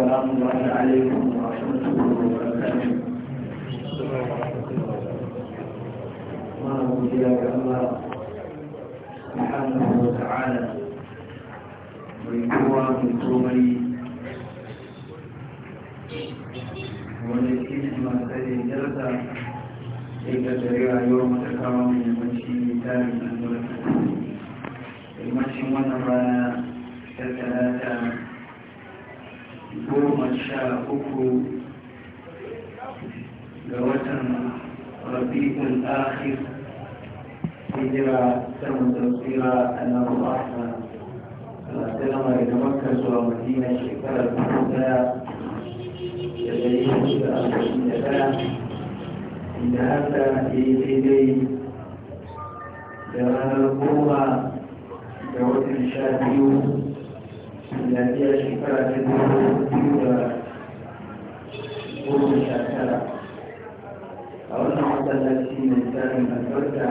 السلام عليكم ورحمة الله وبركاته ما نقول الله سبحانه وتعالى من kowa mai uku ga watan rabi'ul akhir hijira ta mutasira annabi ahmad sallallahu alaihi wa makka zuwa madina shekarar dubu daya da dari hudu da arba'in da daya inda haka ya yi daidai da ranar goma da watan sha biyu da biyar shekara ta dubu biyu da goma sha tara a wannan masallaci mai tsarin albarka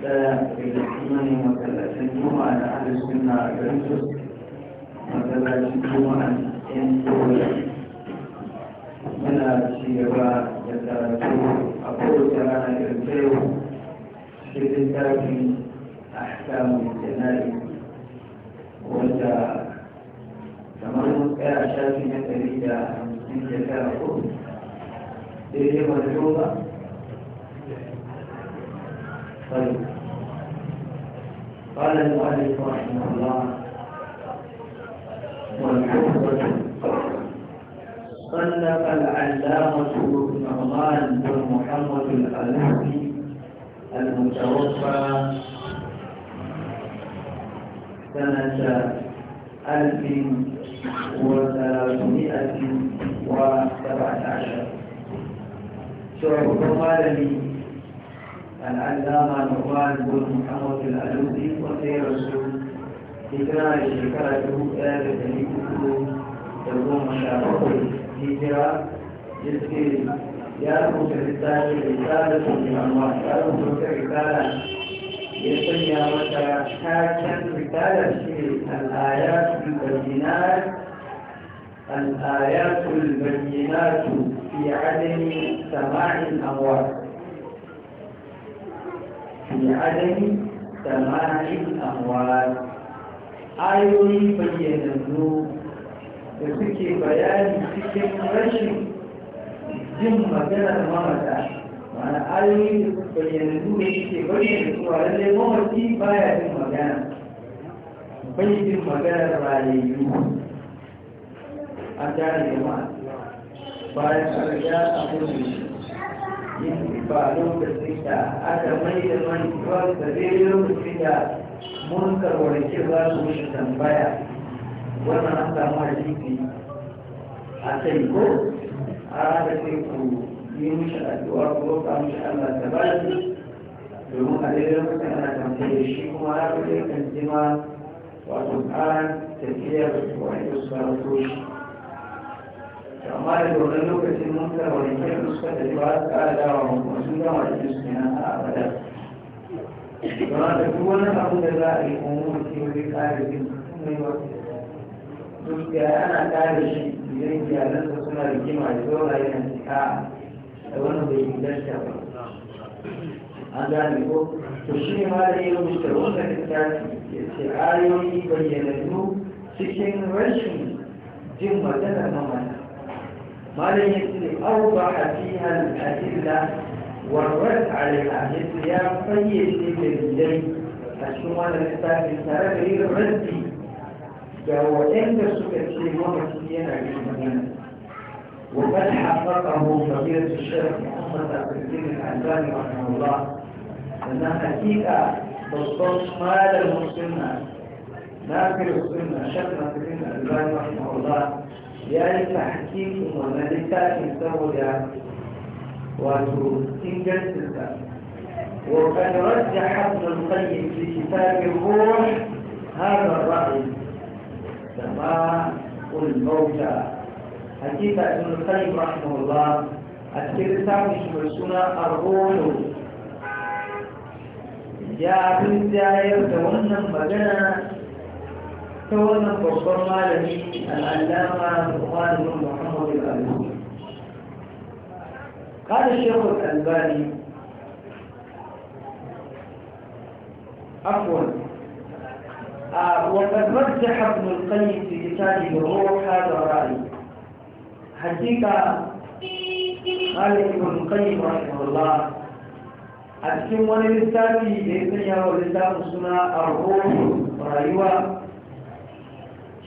daya daga kimanin masallacin juma'a na ahalin suna a garin jos masallacin juma'a yan tsoron muna ci gaba da karatu a kowace rana irin ta yau cikin tarihin ahkamu jana'i wanda kamar mun tsaya shafi na ɗari da من جزاء الخبز طيب قال المؤلف رحمه الله والحفظة صنف العلامة ابن محمد الألفي المتوفى سنة ألف وثلاثمائة وسبعة شعب قال العلامة نقال بن محمد الألوزي وسيرته هجرة الشكرة آل تليكو يقوم شعبه هجرة يسكي يأخذ الرسالة رسالة من الله يأخذ الرسالة يسمي وتحاكم رسالة الآيات البينات الآيات البينات في عدم سماع الأموات في عدم سماع الأموات آيوي da suke bayani cikin rashin jin maganar mamata mana ayoyi da da suke bayyana cewa lallai mamaci baya jin magana bai maganar rayayyu an gane jama'a bayan an ya abu ne yin ba lokacin da aka mai da mantuwa da zai lokacin da mun karwarce za su mishi tambaya wannan an samu a jiki a kai ko a haka sai ku yi mishi addu'a ko roƙa mishi Allah ta ba shi domin a daidai lokacin ana tambaye shi kuma a har kan jima wato ƙaran tafiyar wani da su karatu shi amma da wannan lokacin mun ka wanke su suka da ba su ƙara dawa mu kuma sun gama da su kenan a abada don haka duk wani abu da za a yi kuma mun ce wani ƙara bin mai ba duk da ana ƙara shi idan iyalansa suna rigima da zaura yana cika da wani bai inganta ba an gane ko to shi ne ma da ya rubuta wannan littafi ya ce ayoyi bayyanannu cikin rashin jin magana mamaya ما يجري أوضح فيها الأدلة والرد على مثل يا قيد طيب بالجي الشمال الكتاب التابعي ردي فهو عند سكة الإمام السيانة بالمدينة وقد حققه فضيلة الشيخ محمد عبد الدين الألباني رحمه الله أن حقيقة تصدق مال المسلمة نافر السنة شيخ نافر الدين الألباني رحمه الله ya yi tahkikin wannan littafin saboda wato ingancinsa وقد رجح ابن القيم في كتاب الروح هذا الرأي سماء الموتى حديث ابن القيم رحمه الله الكتاب يشملسنا الروح يا ابن الزائر دون مجنى فوانا فصل لي العلامة فقال بن محمد الألباني قال الشيخ الألباني عفوا آه، وقد رجح ابن القيم في كتابه الروح هذا الرأي حقيقة قال ابن القيم رحمه الله أتكلم وانا لساتي ليس يا ولسات سنة الروح رأيوه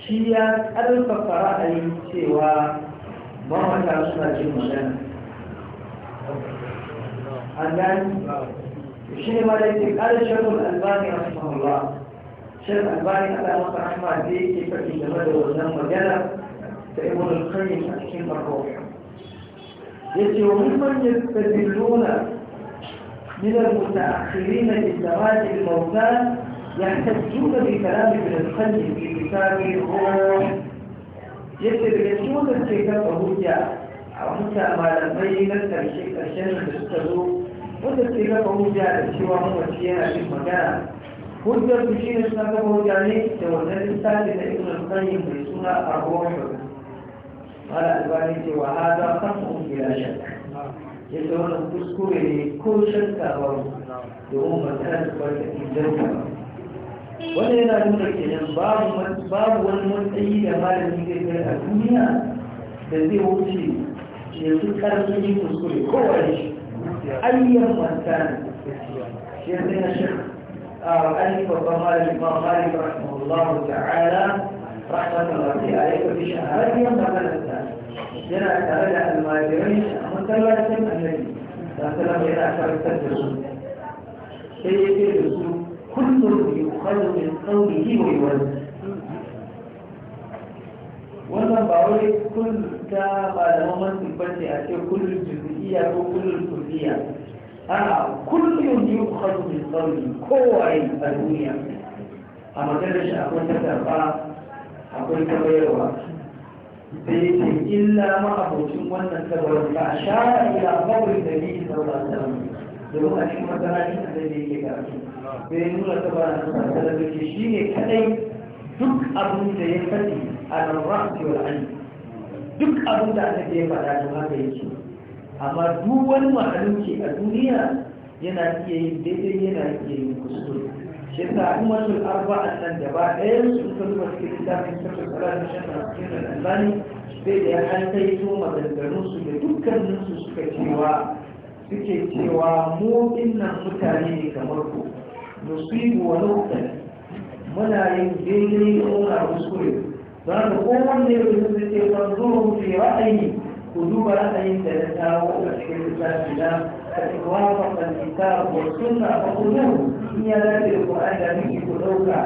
shi ya ƙarfafa ra'ayin cewa mamata suna jin magana an gani shi ne ma da yake ƙarar shakul albani a sumawa shan albani ala masa rahama da yake faɗi game da wannan magana da ibn al-qayyim a cikin farko yace wa mimman yastadilluna min al-muta'akhirin bi zawaj al-mawtan يحتجون بكلام ابن الخلج في كتاب الروح يجب ان يكون الكتاب هدى او حتى ما لم يجد الشيء الشيء الذي تشتروه هدى الكتاب هدى الذي هو في المكان هدى الشيء الذي تشتروه هدى الذي هو الذي يكون القيم في سورة الروح قال الوالد وهذا خصم بلا شك يتوانا تذكر لكل شك أو لأمة هذا الوالدي wanda yana nuna kenan babu wani matsayi da malami zai kai a duniya da zai wuce yanzu karfin yi kuskure kowane shi ayyar mata shi yanzu na shi a wani babban malami ba malami rahimahullahu ta'ala rahmatullahi wasu a yau da shahararriyar maganarsa yana tare da almajirai a masallacin annabi da salama yana karantar da su sai ya ce da su كل يؤخذ من قوله ويوزن wannan ba wai kun ta malaman mantin bace a ce kullum juz'iyya ko kullum kulliya a kullum yukhadu min qawli kowaye a duniya a maganar shi akwai ta karba akwai ta bayarwa sai ce illa ma'abocin wannan sabarin ba a shara ila kawai da biyu sallallahu alaihi wasallam domin a cikin masana shi da yake karatu bai nuna ta ba na da zuke shi ne kadai duk abin da ya faɗi a nan rafi wa ali duk abin da aka ya faɗa don haka yake amma duk wani mahaluki a duniya yana iya yin daidai yana iya yin kuskure shi yasa umarsul arba'an nan gaba ɗaya su ka duba cikin littafin sarki salatu shan asirin albani sai da ya kai to maganganun su da dukkaninsu suka cewa suke cewa mu dinnan mutane ne kamar ku nusibu wa nukta muna yin daidai muna kuskure za ka kowanne ya zai ce fanzurun fi ra'ayi ku duba ra'ayin da ya kawo a cikin lissafi na الكتاب والسنة فقلوه هي التي القرآن به قلوبا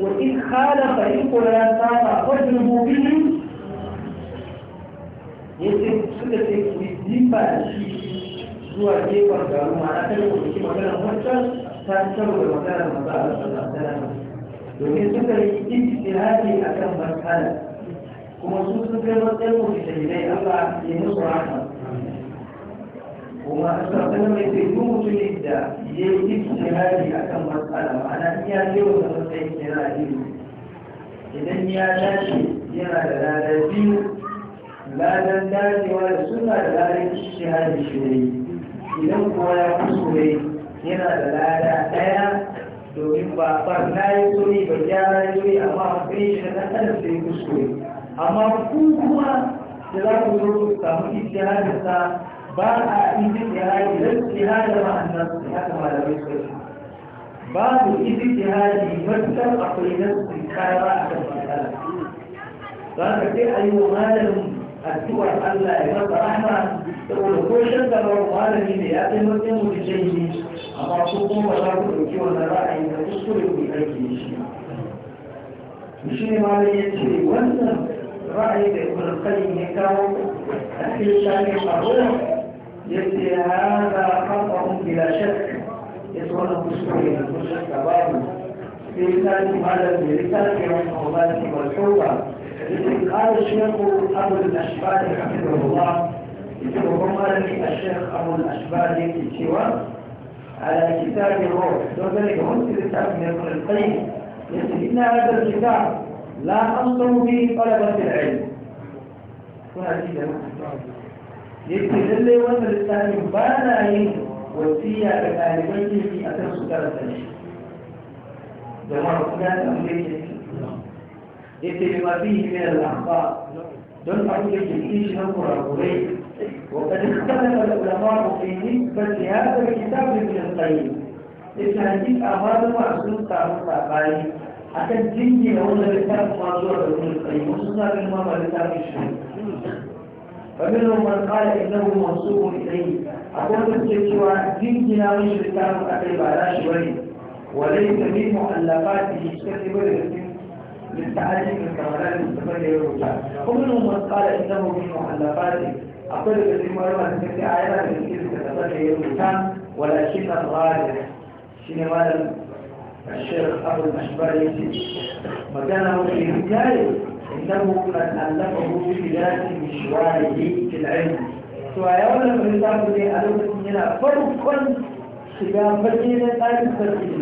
وإن خالف إن الأنسان فاجلبوا ya yake suka ce ku yi jifa da shi zuwa gefen garu na kai magana wancan ta tarwa magana maza a sallallahu domin suka yi a kan matsala kuma su sun kai matsayin mujtahidai amma ya musu rahama kuma sallallahu mai ce duk da ya yi a kan matsala ma'ana iya yi wa matsayin kira ilimi idan ya dace yana da ladar biyu ladan dacewa da suna da ladan ijtihadi shi ne idan kuwa ya kuskure yana da lada ɗaya domin ba ba na yi kuri ba gyara yi kuri amma a shi na ɗan da ya kuskure amma ku kuma da za ku zo ku samu ijtihadarsa ba a ijtihadi da ijtihada ma annas ya kama da bai sai babu ijtihadi matsar akwai nasu ba a kan matsala za ka ce a yi wa malamin addu'ar Allah ya masa rahama saboda ko shan da malami ne ya kai matsayin mutum shi. amma ko kuma za ku ɗauki wannan ra'ayin da kuskure ku yi aiki da shi shi ne ma ya ce wannan رأي ابن القيم كان في شأن القبول يأتي هذا خطأ بلا شك يسوى المسلمين المشرك باب في لسان هذا بلسان والمغلات والحوبة قال الشيخ أبو الأشبال حفظه الله يقول الشيخ أبو الأشبال في سواه على كتاب الروح وذلك منزل الكتاب من ابن القيم يستجبنا يعني هذا الكتاب لا أنظر به طلبة العلم هنا جدا يستدل وأن الإسلام بانا وسيا كتابته في أثر سكرة جماعة كلها أمريكا يتبع فيه من الأخطاء دون أقول لك الإيش نقرأ أقوليك وقد اختلف العلماء في نسبة هذا الكتاب لابن القيم إذا هديك أمر معزول قانون تعباني حتى الدنيا لولا الكتاب موضوع ابن القيم وصلنا بالمرة لكتاب الشريف فمنهم من قال إنه منصوب إليه أقول الكتاب ديننا مش الكتاب أقرب على شوي وليس من مؤلفاته كتب للتعليم من كمالات المستقبل ومنهم من قال إنه من مؤلفاته akwai daga cikin marmar da suke a yana da cikin da kasa da ya rubuta wala shi na tsari shi ne ma da shirin abin mashibar ya ce magana wani yin jari innahu kan allafa hudu bilati mishwarihi fil ilm to a yawon da mun samu ne a lokacin yana farkon shiga bakin na tsarin sarki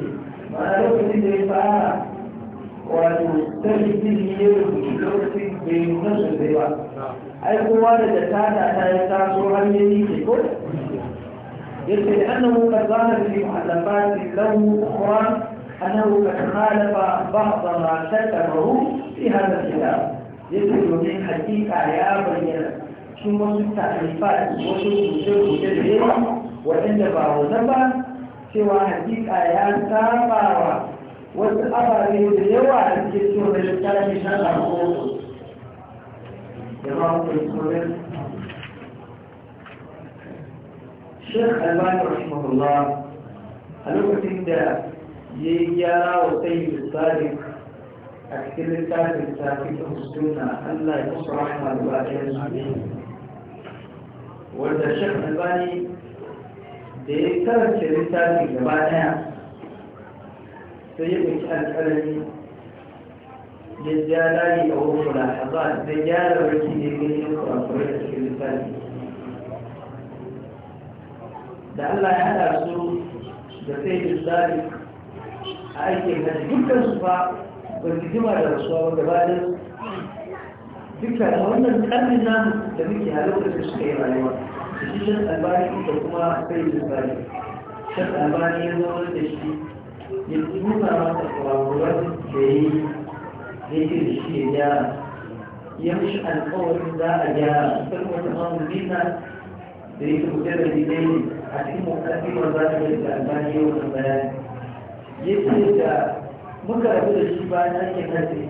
a lokacin da ya fara wato sarki ne ya rubuta lokacin bai nuna sosai ba ai kowa da jakata ta yi taso har ya yi ke ko yace da annahu qad zahara fi muhallafati lahu ukhra annahu qad khalafa ba'd ma shakarahu fi hadha al-kitab yace domin hakika ya bayyana cikin wasu ta'rifat wasu rubuce-rubuce da yawa waɗanda ba wata ba cewa hakika ya saba wa wasu ababe da yawa da suke cikin wani littafi na al'ummar الشيخ الباني رحمه الله الوقتين ده يجارة وسيد الصادق أكثر الكاتب ساكت السنة ألا يقص رحمة الواجهة وإذا الشيخ الباني da ya karanta littafin gaba للجلال أو ملاحظات رجال وكيد من يقرأ فريق الفاتح da Allah ya haɗa su da sai da tsari a aikin hajji dukkan su fa ba su jima da rasuwa ba gabanin dukkan a wannan ƙarnin namu da muke a lokacin suka yi rayuwa da shi shan albani da kuma sai da tsari shan albani ya zama da shi ya nuna masa kurakuran da ya yi ذكر الشهداء يمشي القول لا أجاب فهو تمام منا ذيك مجرد دين أكيد مؤثر وذلك الألباني والبيان يسير مكرر الشبان أن يهدي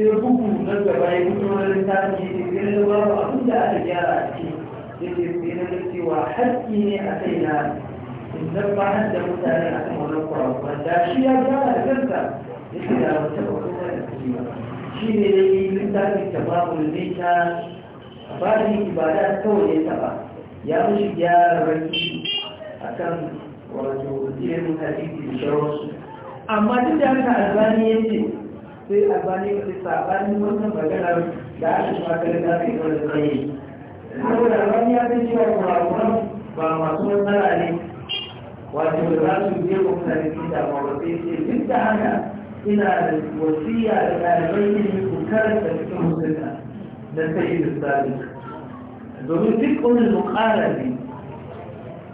sai bugu na gaba ya fito na littafi da gani da babu abin da aka gyara a ciki yake tsere da cewa haƙƙi ne a kai na in zan bayan da mutane a kan wani kwarakwa da shi ya gyara da kansa yake da wata ba shi ne da yi littafin babu zai ta bani ibada kawai ya taba ya mushi gyara ranci a kan wato jirgin hadisi da shawarsu amma duk da haka albani ya ce sai albani ya ce sabanin wannan maganar da aka shi makarar da aka yi wani tsaye saboda albani ya ce cewa kurakuran ba masu matsala ne wato da za su biya kuma da ke da mawarai ce duk da haka ina da wasiya da ɗalibai ne ku karanta cikin musulma da sai da sabi domin duk wani mukara ne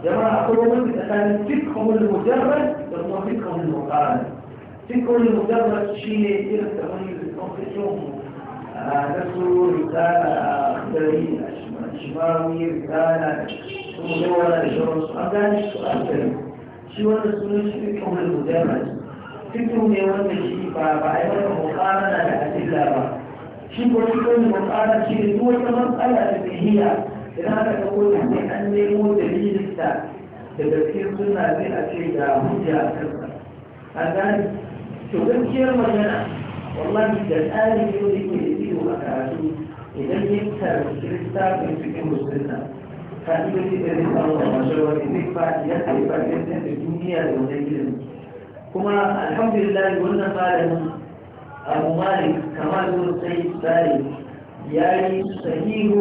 jama'a akwai wani tsakanin duk wani mujarrad da kuma duk wani mukara duk wani mujarrad shi ne irin da wani rikon na su rikala a gari a shimawi rikala kuma yawa da shawararsu an gane su a gari shi wanda sunan shi rikon wani mujarrad fito ne wanda shi ba ba a yi wata mukarana da adilla ba shi ko shi kan mukarana shi ne duk wata matsala da tahiya idan aka ga ko sai an nemo dalilin ta da gaskiyar suna zai a ce ga hujja a kansa a gani to gaskiyar magana wallahi da tsarin yau da ke da ido a karatu idan ya karanta littafin cikin musulunta ta iya ce da zai samu a mashawar da zai fa ya kai fa ya da duniya da wajen gidan كما الحمد لله قلنا فعلهم أبو مالك كما يقول السيد باري يعني صحيح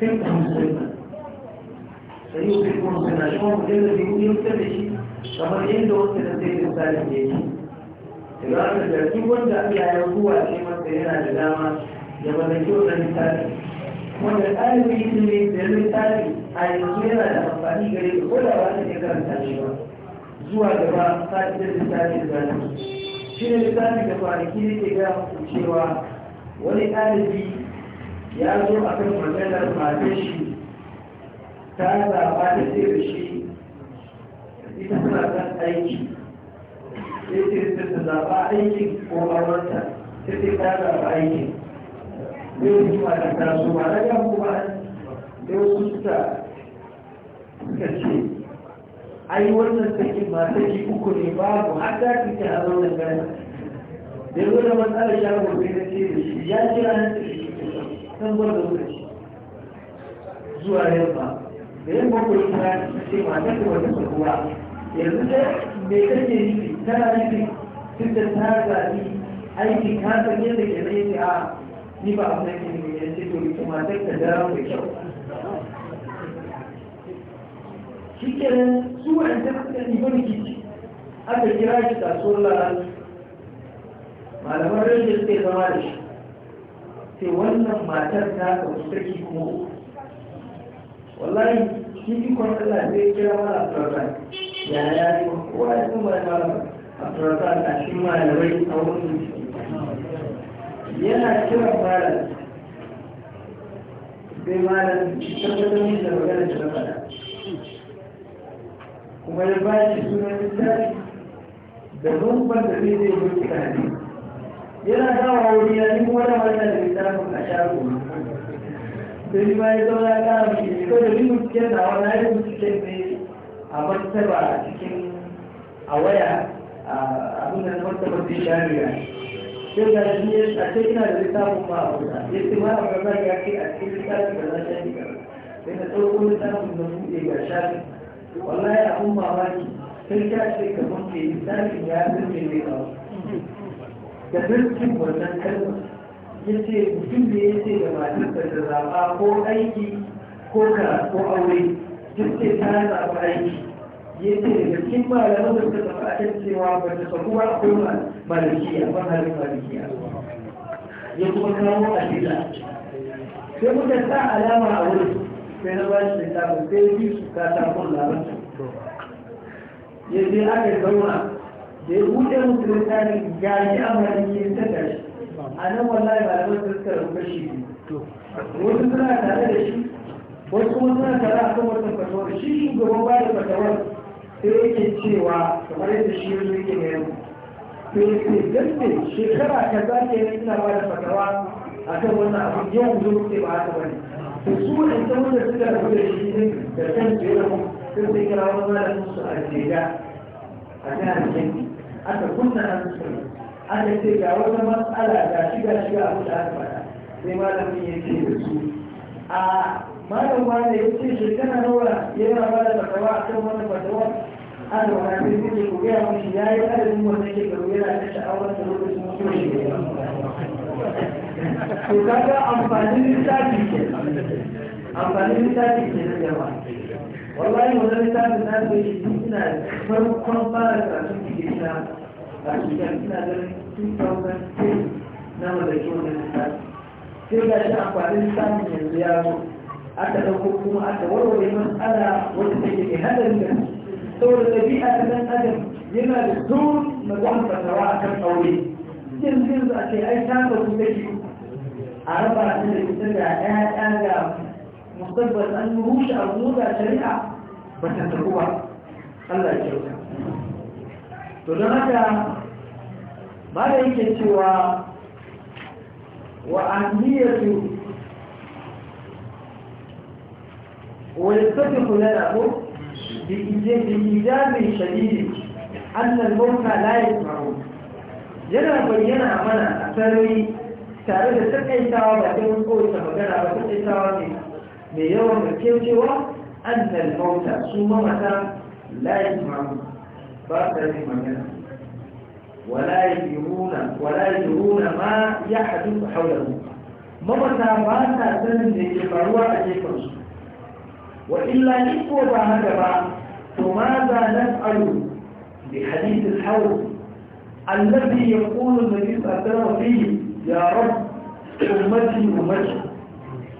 فقه مسلما صحيح فقه مسلما شو مجرد بيقول يكتب شيء كما جيد وقت نسيت مسالي جيش إبراك الجرسي وانجا في آية وقوة كما تقولنا جلاما جبا ذكيونا مسالي وانجا الآية ويجب لي تقول مسالي آية وقوية لا تفاني قريب ولا وانجا ذكر مسالي zuwa gaba sa'idar littafin zanen shi ne littafin da kwanaki ne ke gaya muku cewa wani ɗalibi ya zo a kan maganar matar shi ta zaɓa da zai da shi ita suna kan aiki sai ce ta ta zaɓa aikin ko aurenta sai ce ta zaɓa aikin zai yi ma da taso ba na yan kuma da wasu suka suka ce ai wannan sakin ba saki uku ne babu har da kike a wannan garin da yau da matsalar ya gobe da ce da shi ya ce an san gwada lokaci zuwa yamma da yamma ko yi ta ce ma ta ce wata sabuwa yanzu da me kake yi tana nufi tun da ta zaɓi aiki ka san yadda ke zai ce a ni ba a san yadda ke ce to ita ma ta dawo da kyau shi kenan su haka ne wani kici aka kira shi ta so lalata malamar rashin sai zama da shi sai wannan matar ta ɗauki sarki kuma wallahi shi fi ikon Allah zai kira mara Abdurrahman ya ya yi kowa ya kuma ya mara Abdurrahman a shi malamai a wani yana kira mara sai malam tabbatar da magana da na faɗa Wani ya ba sunan littafi da rumfan da zai zai wuce kane yana dawa wuri ya nemo wani wannan littafin a shago sai ba ya zama ya kara mishi ko da ni binciken da wani ne a martaba a cikin a waya a abin da martaba zai shari'a sai ga shi a ce ina da littafin ma a wuta ya ce ma a gaba ya ce a cikin littafin da za shi ga sai na ɗauko littafin da buɗe ga shafin wallahi abun mamaki sai ta ce ka mace lissafin ya zurfe mai kawo da zurfin wannan kalmar ya ce mutum da ya ce da matar da zaɓa ko aiki ko ko aure duk ce ta zaɓa aiki ya ce daga cikin malaman da suka tafi a kan cewa ba ta samu ba akwai malikiya ba halin malikiya ya kuma kawo a sai muka sa alama a wurin sai na bashi da kafin sai bi su katakon labarin ya je aka zauna da ya buɗe musu da ya yi amfani ke ta gashi a nan wallahi ba da masu suka rufe shi wasu suna tare da shi wasu kuma suna tare a kan wata fatawar shi shugaban ba da fatawar sai yake cewa kamar yadda shi ya zo yake ne yanzu sai yake gaske shekara ta za ke yi suna ba da fatawa a kan wannan abin yau zo ke ba haka bane su waɗanda wanda suka rabu da shi ne da kan jera mu sai sai kira wani malamin su a jega a jihar kenti aka kunna an su aka ce ga wata matsala ga shiga shiga a da aka faɗa sai malamin ya ce da su a malam wanda ya ce shekara nawa ya yi rawa da fatawa a kan wani fatawa an da wani abin da ke koya mashi ya yi adadin wannan shekaru yana da sha'awar da lokacin mutuwa shekaru to kaga amfanin littafi ke amfanin littafi ke na yawa wallahi wannan littafin na zai shi ina farkon fara karatun digiri na a cikin ina ganin 2010 na mallaki wannan lissafi. sai ga shi amfanin littafin yanzu ya zo aka ɗauko kuma aka warware matsala wanda take mai hadarin da saboda ɗabi'a ta ɗan adam yana da tun magana fatawa kan aure yanzu yanzu da ce ai a raba da ita ga ɗaya ga an rushe a zuwa shari'a ba ta tafi Allah to don haka ba da yake cewa wa ahmiyatu ويتفق da بإيجاب شديد أن الموتى لا يسمعون yana bayyana mana a sarari tare da takaitawa ba ta mun kowace magana ba takaitawa ne mai yawan da cewa an talmauta su mamata layin mamu ba ta yi magana wala yuruna wala yuruna ma ya hadu haulahu mamata ba ta sanin da ke faruwa a jefansu wa illa ni ko ba haka ba to ma za na faru bi hadithin haulahu الذي يقول النبي صلى الله عليه وسلم فيه يا رب أمتي أمتي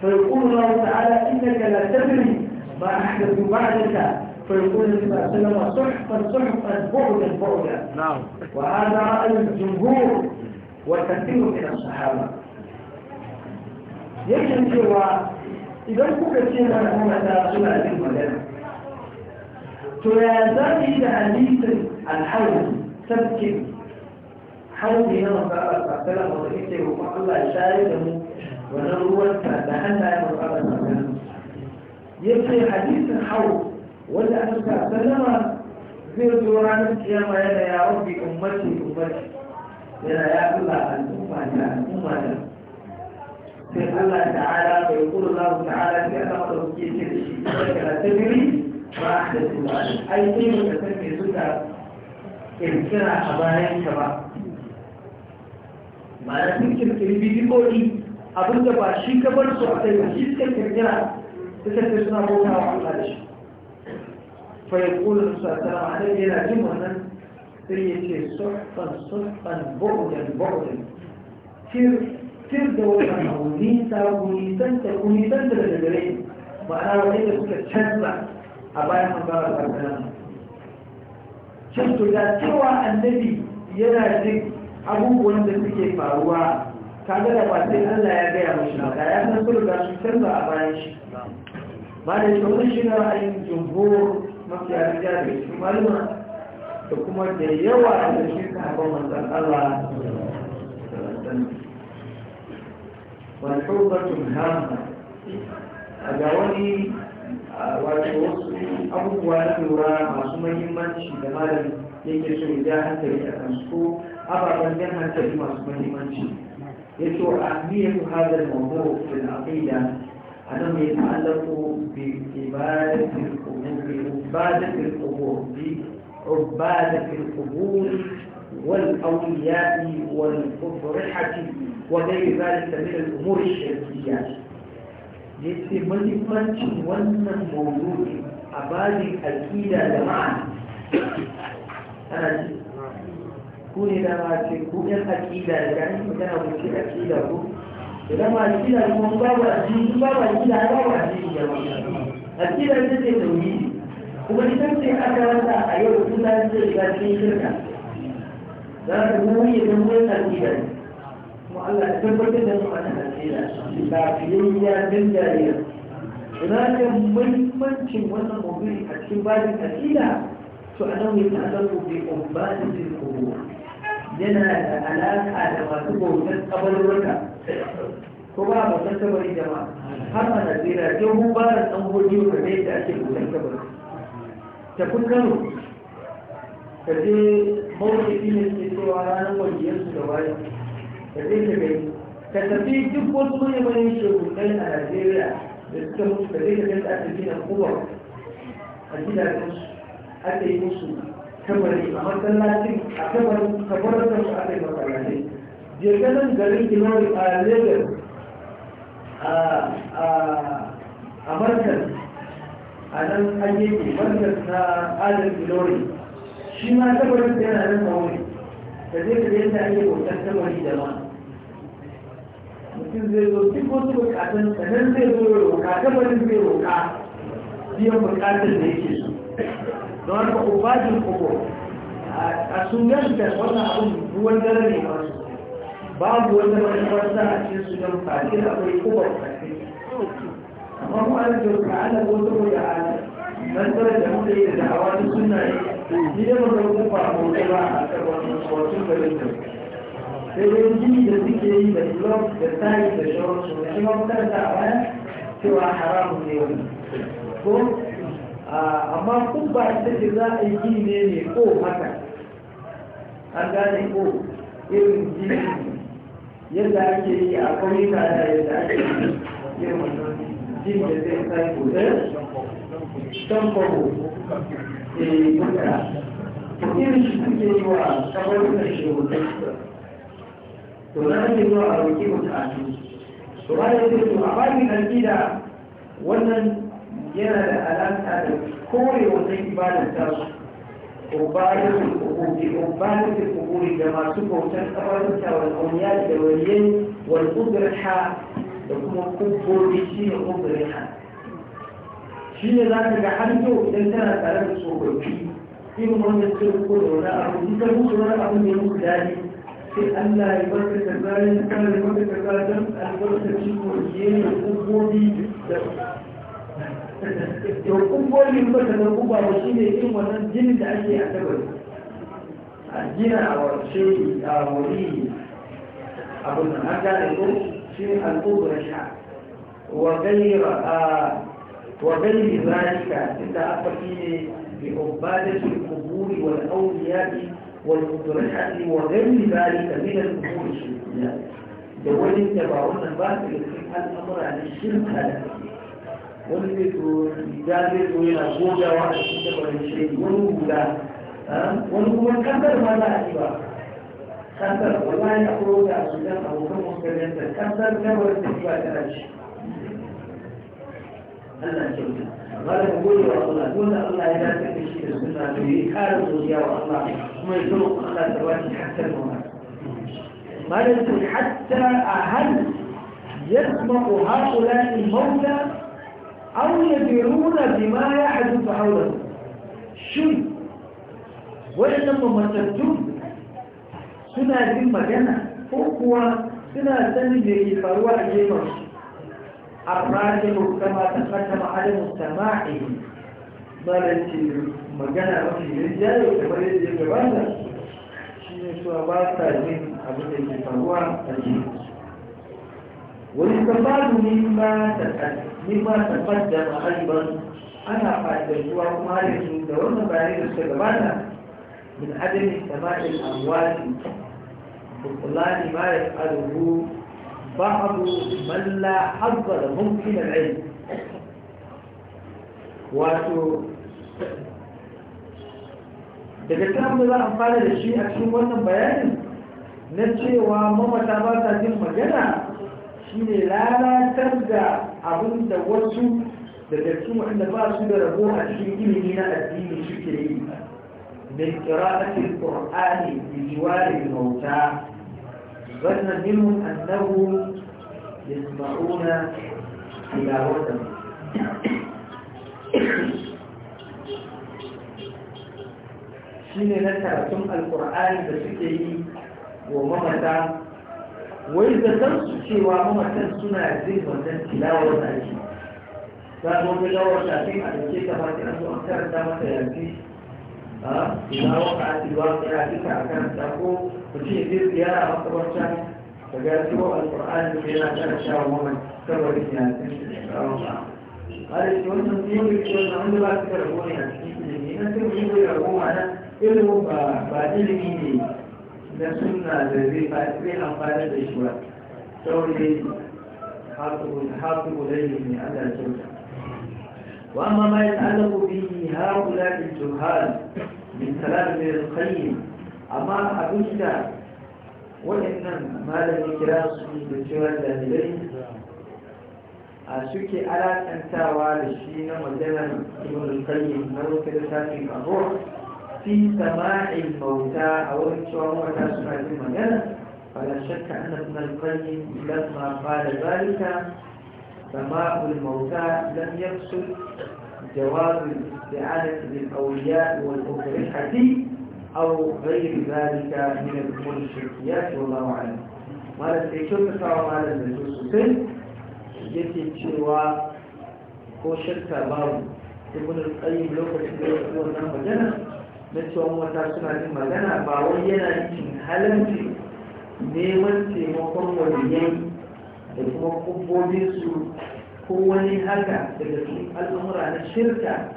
فيقول الله تعالى إنك لا تدري ما أحدث بعدك فيقول النبي صلى الله عليه وسلم صحفا صحفا بعدا بعدا نعم وهذا رأي الجمهور وكثير من الصحابة يجب أن إذا كنت تشير على mata suna jin magana to ya za yi da hannu na masarar sassanar wanda kake roƙon Allah ya shayar da mu wannan ruwanta da hannayen masarar sassanar ya ce hadisin hau wanda aka sassanama zai zo ranar kiyama yana ya rabbi ummati ummati yana ya Allah al'umma ta al'umma ta sai Allah ta'ala bai kula Allah ta'ala sai Allah ta roƙe ce da shi daga tabiri ba a da tuwa ai sai mu ka san me suka kirkira a bayan ka ba ma'ana sun kirkiri bidiyoyi abinda ba shi gabar su a kai shi suka kirkira suka ce suna bauta wa Allah da shi fa ya kula su a tsara a nan yana jin wannan sai ya ce soffan soffan bautan bautan tir da wannan abu nisa kunisanta kunisanta daga gare ma'ana wani da suka canza a bayan an ba wa tsakanin can to da cewa annabi yana jin abubuwan da suke faruwa kaga da ba sai Allah ya gaya mashi ba ya san sun ga su canza a bayan shi ba da shi wani shi na ra'ayin jumhur mafi yarda da shi malama da kuma da yawa da shi sahabban manzon Allah ba su hama a ga wani wato wasu abubuwa na lura masu mahimmanci da malam yake so ya hankali a kansu أبدا تجمع من المنشي يسوع أهمية هذا الموضوع في العقيدة أنه يتعلق بعبادة القبور بعبادة القبور بعبادة القبور والأولياء والأفرحة وغير ذلك من الأمور الشركية yace من المنشي mawuzi الموضوع أبادة أكيدة لمعنى أنا ku ne da ma ce ku ɗan aƙida da gani magana ku ce aƙida ko idan ma da kuma babu aƙida babu aƙida babu aƙida jama'a aƙida ita ce tauhidi kuma ita ce aka rasa a yau kuma ce ga cikin shirka za ka nuni da mun aƙida kuma Allah ya tabbatar da mu a kan aƙida ba fiyayya din jariya ina ka muhimmancin wannan mawuri a cikin bajin aƙida to a nan ne ta zaru bi umbatin qubur yana da alaƙa da masu bautar kabarurruka ko ba san kabari jama'a har a ke mu ba da ko dai da ake bautar kabari ta kun kano ka je mawuce ne ke cewa ranar su da bayan ka je ka gani ka tafi duk wasu manyan shekutan a najeriya da suka mutu ka je ka gani a cikin kuba a su ake yi musu kabari a masallacin a kabarin kabarin da a aka yi masallacin je ganin garin ilori a lagos a markas a nan an yake markas na adal shi ma kabarin ta yana nan mawuri da zai ka yadda ake bautar kabari da ma mutum zai zo duk wasu bukatun sanar zai zo roka kabarin zai roka biyan bukatun da yake so don haka ubajin kubur a sunanta wannan abin ruwan dare ne masu babu wanda manufarsa a cikin sunan fatil akwai kubar fatil amma mu an jirka ala ko saboda ala nan tare da muka yi da da'awa da suna yi ni da muka kufa mu da ba a karɓar wasu garin da sai dai ji da suke yi da blog da tsari da shawarsu da shi ma muka da a baya cewa haramun ne wani ko Ah, amma kun ba ita ce za a yi gini ne ne ko haka an gane ko irin gini yadda ake yi a kwanika da yadda ake yi irin wannan gini da zai sai ko ɗaya eh? can kwabo e eh, duka irin shi suke yi wa kabarin shi hoton to na ake yi wa a roƙi mutu a to ba da yadda to a bakin alƙida wannan yana da alaƙa da kore wannan ibadar tasu ubadatul ubudi ubadatul ubudi da masu bautar kabarinta wal auliya da waliyan wal qudratha da kuma kubbobi shi ne qudratha shi ne za ka ga har yau idan tana tare da tsofaffi irin wanda suke ko da wani abu in ka musu wani abu ne muku daɗi sai Allah ya barka da bayan Allah ya barka da bayan albarkacin waliyan da kubbobi da to kubbolin mata na kuba ba shi ne yin wannan jinin da ake a kabari a gina a wace a wuri abu da an gane ko shi ne al'ubra sha wa gaira a wa gairi zalika inda aka fi ne bi ubadatul kuburi wal awliya'i wal mudrashati wa gairi zalika min al kuburi shirkiya da wani da ba wannan ba su da cikin al'amura na shirka da wani zai to riga zai to yana gogawa a cikin barance wani hula wani kuma kasar ma za a yi ba kasar wallahi a kuro da a sudan abokan musulunta kasar gabar da ba tana ci Allah ce mutum ba da gode wa Allah dole Allah ya dace da shi da sunna to yi kare godiya wa Allah kuma ya zama Allah da wani hasar ma ما يدخل حتى أهل يسمع هؤلاء الموتى an yadiruna bima ya hadu ta haula shin waɗannan mamatattu suna jin magana ko kuwa suna sani da ke faruwa a gefen su a rajin kama ta kanta ma'adin sama'i malarci magana mafi rinjaye kamar yadda ya gabata shi ne suwa ba sa jin abin da ke faruwa a gefen su wani kafadu ne ba ta kanta ni ba ta fadda ba ana fadda zuwa kuma da su da wannan bayanai da suka gabata min adalin da ba ta alwali bukula ne ba ya alubu ba abu malla abba da mumkinan rai wato daga kan da za a fara da shi a cikin wannan bayanin na cewa mamata ba ta jin magana shi ne lalatar da abin da wasu daga cikin wanda ba su da rabo a cikin ilimi na addini suke yi min qira'atil qur'ani bi jiwaril mauta zanna minhum annahu yasma'una tilawatan shine na karatun alqur'ani da suke yi wa mamata wai da san su cewa mamatan suna jin wannan tilawar da ake za a wata gawar shafin a dauke ta ba ta zo an karanta mata yanzu a tilawar a ta ta a karanta ko mutum ya je ziyara a makabarta ga yana saboda yanzu ne a cikin sai mu yi ilimin ba ne. na suna da zai zai amfana da shi ba saurayi haku gudai ne Allah kyauta wa amma ma ya ta'allaku bi haula bil juhal min kalam min al-qayyim amma abinda waɗannan malami kira su da cewa dalilai a suke alakantawa da shi na maganar ibn al na na da sashen abuwa في سماع الموتى أو إشعار متى سمع المجال فلا شك أن ابن القيم لما قال ذلك سماع الموتى لم يقصد جواب الاستعانة بالأولياء الحديث أو غير ذلك من الأمور الشركيات والله أعلم مالا سيكون سوى مالا نجوس سن يتي تشوى ko shirka babu ibn al-qayyim lokacin da ya na cewa wata suna jin magana ba wai yana cikin halarci neman taimakon waliyai da kuma kubbobinsu ko wani haka daga cikin al'amura na shirka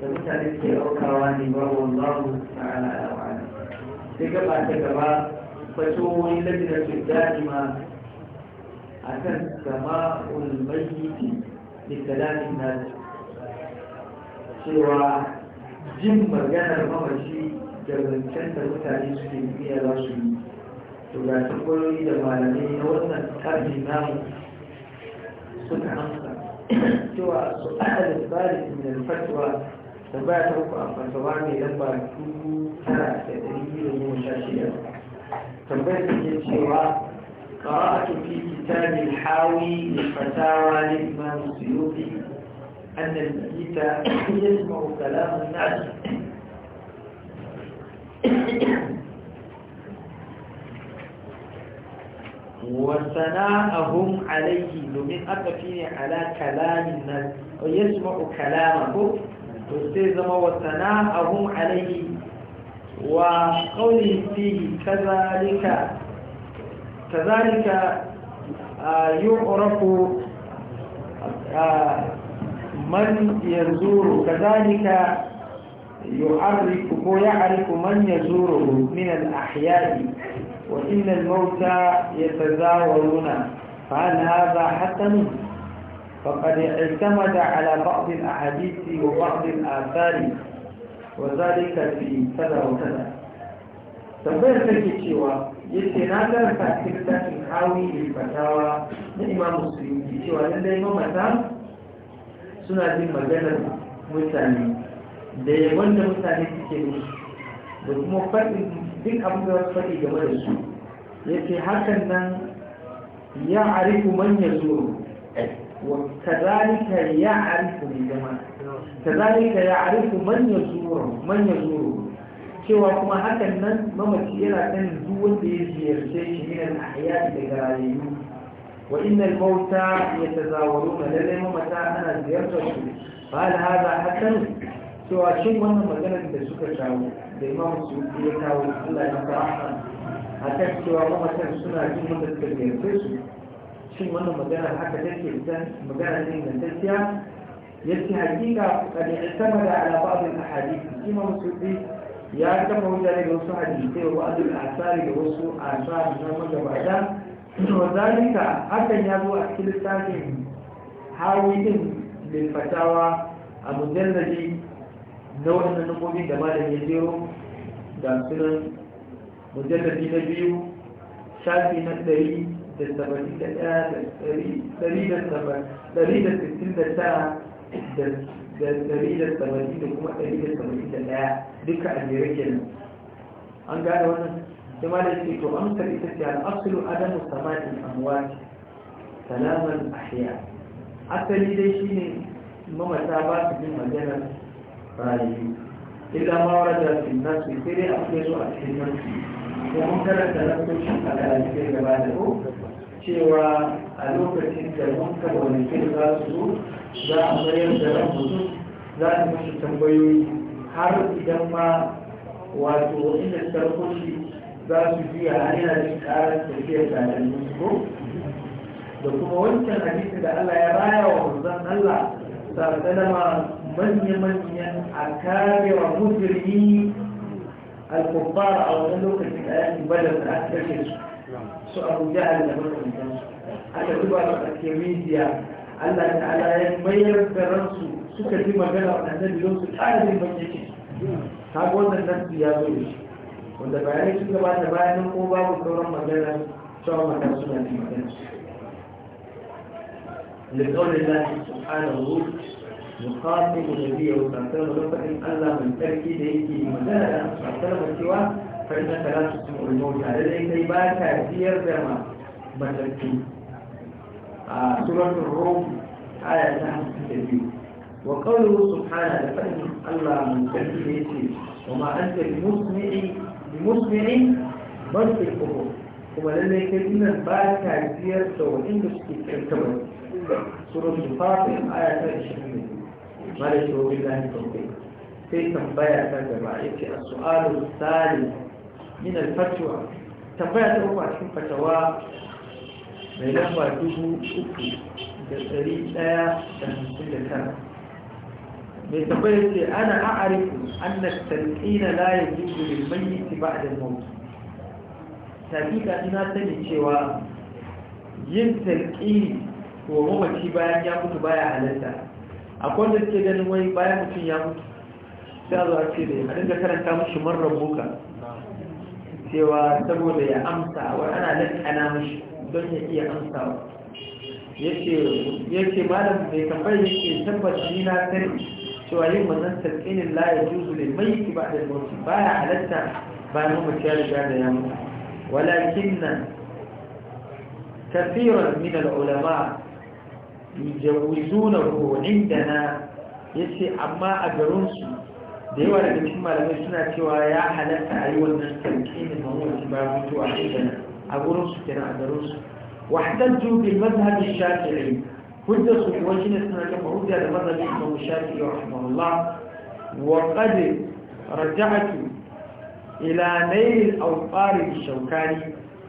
da mutane ke aukawa ne ba wallahu ta'ala ala'ala sai gaba ta gaba fato wani lajina su da'ima a kan sama ulmayyiti da kalamin nasu cewa jin maganar mamaci da zancantar mutane suke biya za su yi to ga koyoyi da malamai na wannan karni namu suka amsa cewa su da bari da alfatwa da ba ta uku a fatawa mai lamba dubu tara da ɗari biyu da goma sha shida tambayar da ke cewa قرأت في كتاب الحاوي للفتاوى للإمام السيوطي أن الميت يسمع كلام الناس وثناءهم عليه لمن أكفيني على كلام الناس ويسمع كلامه وستيزم وثناءهم عليه وقوله فيه كذلك كذلك آه، يعرف آه، من يزور كذلك يعرف ويعرف من يزوره من الأحياء وإن الموتى يتزاورون فهل هذا حتى منه فقد اعتمد على بعض الأحاديث وبعض الآثار وذلك في كذا وكذا tambayar take cewa yace na ga sa cikin hawi مسلم fatawa na imam musulmi cewa suna jin maganar mutane da ya wanda mutane suke musu da kuma faɗin duk abin da wasu faɗi game da su ya ce hakan nan ya arifu manyan zuwa وكذلك يعرف الجماعة كذلك manyan من يزوره من cewa kuma hakan nan mamaci yana kan duk wanda ya ziyarce shi ne a hayati da garayu وإن الموتى يتزاورون للي ممتى أنا زيارته فهل هذا حسن سوى شيء وانا مجانا تسوك شاو الإمام السعودي يتاو الله يمتع أحسن حتى سوى ممتى السنة جن من التكبير فيسو شيء وانا مجانا حتى تلك إنسان مجانا دين تلسيا يلسي حقيقة قد اعتمد على بعض الأحاديث الإمام السعودي يا كم هو جانب وصو حديثي وبعض الآثار وصو آثار من المجمع zalika hakan ya zo a cikin littafin hawilin fatawa a mujallaji na wannan nufofin da malam ya jero da sunan mujallaji na biyu shafi na dari da saba'in da ɗaya da dari da da sittin da tara da dari da saba'in da kuma dari da saba'in da ɗaya duka a jere kenan an gane wannan sai ma da yake to amsar ita ce al'asulu adamu samatin amwati salaman ahya asali dai shine mamata ba su jin maganar rayu illa ma warada fi nasu sai dai akwai a cikin nasu ko mun karanta nasoshin a ɗalibin gaba da ko cewa a lokacin da mun za su zo a mayar da ran za tambayoyi har idan ma wato inda za su biya a yana da karar tafiyar takalmin ko da kuma wancan hadisi da Allah ya raya wa manzon Allah sallama manya-manyan a karewa mujirmi al-kuffar a wani lokacin da yaki badar da aka kashe su su abu jahal da makamantansu aka duba su a kemisiya Allah ta'ala ya mayar da ransu suka ji magana wa annabi don su ƙara jin bakin ciki kaga wannan nan ya zo da shi wanda bayanai sun gabata bayan ko babu sauran magana cewa mata suna da magana لقول الله سبحانه يخاطب النبي صلى الله عليه وسلم فإن الله من تركي ليكي مدالا صلى الله عليه وسلم فإنك لا تسمع الموتى لديك ما تأثير دما مدركي سورة الروم آية نحن تتبيه وقوله سبحانه فإن الله من تركي ليكي وما أنت بمسمع muslimin man fi kuma kuma lallai kai nan ba ta biyar da waɗanda suke kirkama suratul fatir aya ta 20 mala shi wani lahi tauke sai tambaya ta gaba yake a su'alu tsari minar alfatwa tambaya ta uku a cikin fatawa mai lamba dubu uku da ɗari ɗaya da hamsin da tara mai tabbayar ce ana a'arifu anna talqina la yajuzu lil mayyit ba'da al-maut ka ina sani cewa yin talqini wa mamaci bayan ya mutu baya halatta a da ke ganin wai bayan mutum ya mutu ta zuwa ce da a dinga karanta mashi marar buka cewa saboda ya amsa wa ana lantana mashi don ya iya amsawa ya ce malam mai tambayar ya ce tabbas ni na شوالين مدن سبقين لا يجوز للميت بعد الموت فهي حالتها بأنهم تشارك هذا يموت ولكن كثيرا من العلماء يجوزونه عندنا يسي عما أجرونسي ديوة لكما لما يسنع تيوى يا حالتها أيوة من سبقين الموت بعد الموت أجرونسي كنا أجرونسي واحتجوا بالمذهب الشافعي hujjar su kuwa shi ne suna kafa hujja da mazhabi imam shafi rahimahullah wa qad raja'tu ila nail al-awqari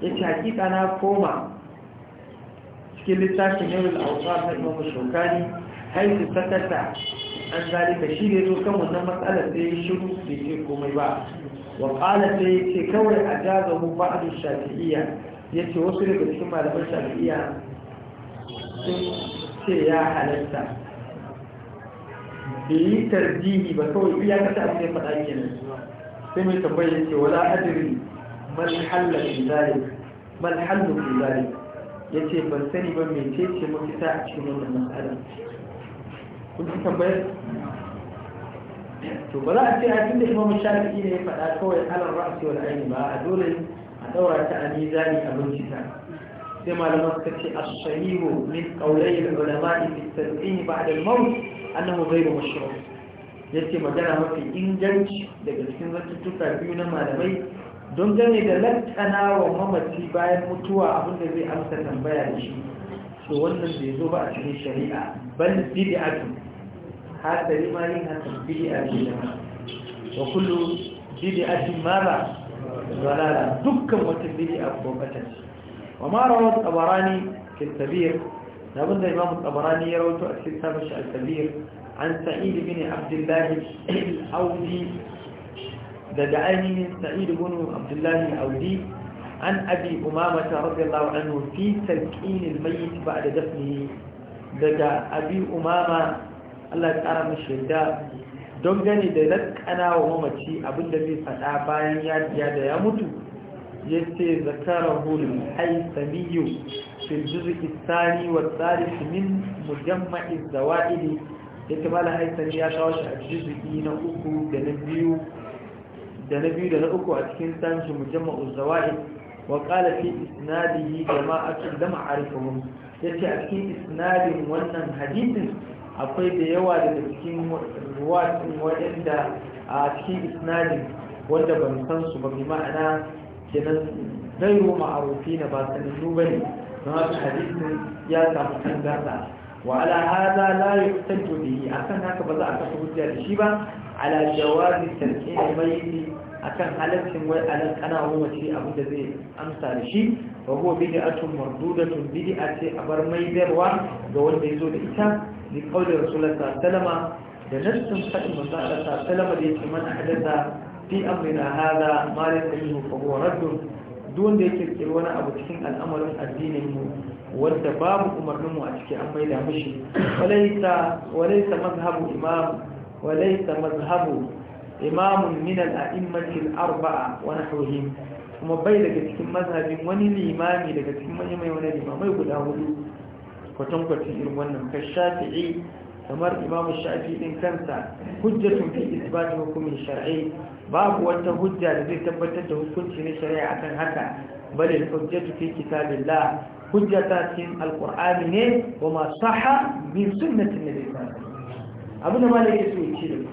yace hakika na koma cikin littafin nail al-awqari na imam shaukani haitu sakata an zalika shi ne zo kan wannan matsalar da ya shiru da ke komai ba wa qala sai yace kawai ajazahu ba'd ash-shafi'iyya yace wasu daga cikin malaman shafi'iyya sun ce ya halatta bai yi tarjihi ba kawai iya kasa abin ya faɗa nan sai mai tambayar ce wala adiri mal halla fi zalik mal hallu ban sani ba mai ce ce mafita a cikin wannan mas'ala kun ci tambayar to ba za a ce a cikin tunda imamu shafi'i ne ya faɗa kawai alar ra'asi wal aini ba a dole a daura ta a ni zari a bincika sai malaman suka ce as-sahihu min qawlay al-ulama fi at-tanzih ba'da al-maut annahu ghayru Ya ce magana mafi inganci daga cikin zattuka biyu na malamai don gane da lantana wa mamaci bayan mutuwa abinda zai amsa tambaya da shi to wannan bai zo ba a cikin shari'a bal bid'atu hasari ma yin hakan bid'a ne da wa kullu bid'atin mara zalala dukkan wata bid'a a bata wa marawar tsabarani ke tabir da abinda imamu ya rautu a cikin sabon shi a an sa'idu bin abdullahi audi daga ainihin sa'idu bin abdullahi audi an abi umama ta rabbi allahu anhu fi talqinil mayyit ba'da dafnihi daga abi umama Allah ya tsara mashi don gani da lakana wa mamaci abinda zai faɗa bayan yadda ya mutu yace zakarahu al-haythami fi al-juz' al-thani wa al-thalith min mujamma' al-zawaid yace mala haythami ya kawo shi a juz'i na uku da na biyu da na biyu da na uku a cikin tanshi mujamma' al-zawaid wa qala fi isnadihi jama'atun lam a'rifuhum yace a cikin isnadin wannan hadisin akwai da yawa daga cikin ruwatin wadanda a cikin isnadin wanda ban san su ba bi ma'ana kenan zai ma'arufi na ba sanin ba ne don haka ya samu kan gasa wa ala hada la yuhtaju bihi akan haka ba za a kafa hujja da shi ba ala jawazi a mayyiti akan halaccin wai alan kana mace abin da zai amsa da shi wa huwa bid'atun mardudatun bidi'a ce a bar maidarwa ga wanda zo da ita ni qawli da sallallahu alaihi da nassin fadin manzo Allah salama da yake man hadatha fi amrina hada ma laysa minhu fa huwa radd duk da yake tsiri wani abu cikin al'amarin addinin mu wanda babu umarnin mu a ciki an maida mushi walaysa walaysa mazhabu imam walaysa mazhabu imam min al-a'immati arbaa wa nahwihim kuma bai daga cikin mazhabin wani limami daga cikin manyan wani limamai guda hudu kwatankwacin irin wannan ka shafi'i kamar imam shafi din kansa hujjatun fi isbat hukumin shar'i babu wata hujja da zai tabbatar da hukunci na shari'a akan haka bal al-hujjatu fi kitabillah hujjata cikin alqur'ani ne wa ma sahha bi sunnati nabi sallallahu alaihi wasallam abin da malai yake so ya ce da ku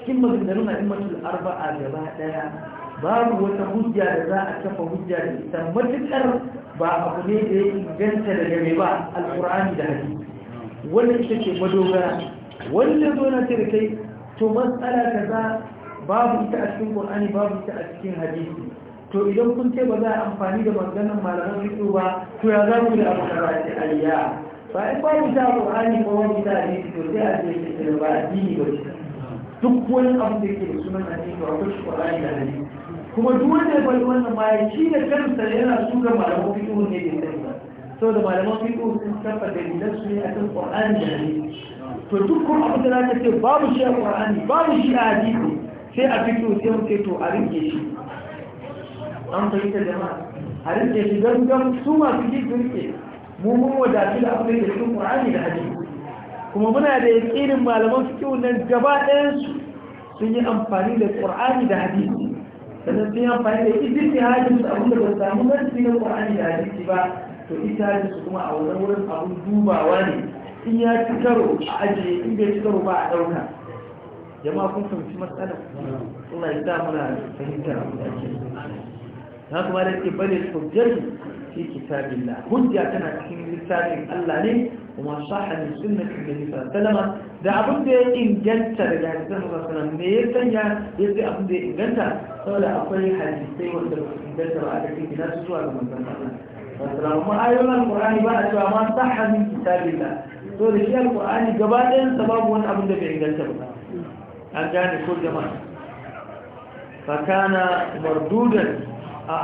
cikin maganganun a'immatul arba'a gaba daya babu wata hujja da za a kafa hujja da ita matukar ba abu ne da ya inganta daga mai ba alqur'ani da hadisi wannan ita ce madogara wanda zo na tirkai to matsala za. babu ita a cikin ƙur'ani babu ita a cikin hadisi to idan kun ce ba za a amfani da maganar malaman fiƙo ba to ya za mu da abu da ba ta aliya ba in babu ta ƙur'ani ko wani a hadisi to sai a ce ke da ba addini ba duk wani abu da ke da sunan addini ba ko ƙur'ani da hadisi kuma duk wanda ya bari wannan ma ya da kansa yana su ga malaman fiƙo ne da sani Sau da malaman fiƙo sun da gidan su ne a kan ƙur'ani da hadisi to duk kuma abu da za ka ce babu shi a ƙur'ani babu shi a hadisi sai a fito sai mu to a rike shi an fahimta jama'a a rike shi don don su masu ji su mu mun wadatu da abin da su qur'ani da hadisi kuma muna da yakinin malaman fiqh nan gaba ɗayan su sun yi amfani da qur'ani da hadisi sannan sun yi amfani da idin hajji su abin da ba samu nasi na qur'ani da hadisi ba to ita su kuma a wurin abin dubawa ne in ya ci karo a ajiye in bai ci karo ba a ɗauka جماعة كنتم في مسألة الله يدام لها فهمتنا هذا وارد بل الحجة في كتاب الله هجة كان في كتاب الله لي وما شاح من سنة الله صلى الله عليه وسلم ده عبد إن جنت رجع صلى الله عليه وسلم ميرتن يا يبدي عبد إن جنت قال أقول حديثي وندر جنت وعلى كل الناس سؤال من سنة فسلام ما أيضا القرآن بعد شو ما صح من كتاب الله تقول شيء القرآن جبادين سبب إن جنت بقى an gane ko jama'a fakana mardudan a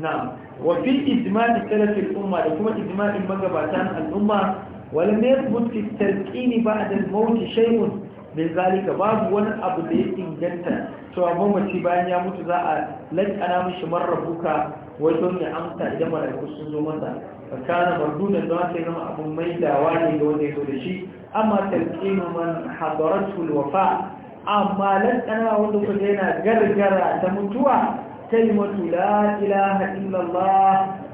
na wafin ijma'i talafin umma da kuma ijma'in magabatan al'umma wani ne mutu tarkini ba da mawuki shaimun da zalika babu wani abu da ya inganta cewa mamaci bayan ya mutu za a lakana mishi marrabuka wajen ya amsa idan mala'iku sun zo masa kana mardudan da wata zama abin mai dawa ne ga wanda ya zo da shi amma tarkinu man hadarat ful amma lantana wanda ku da yana gargara ta mutuwa kalmatu la ilaha illallah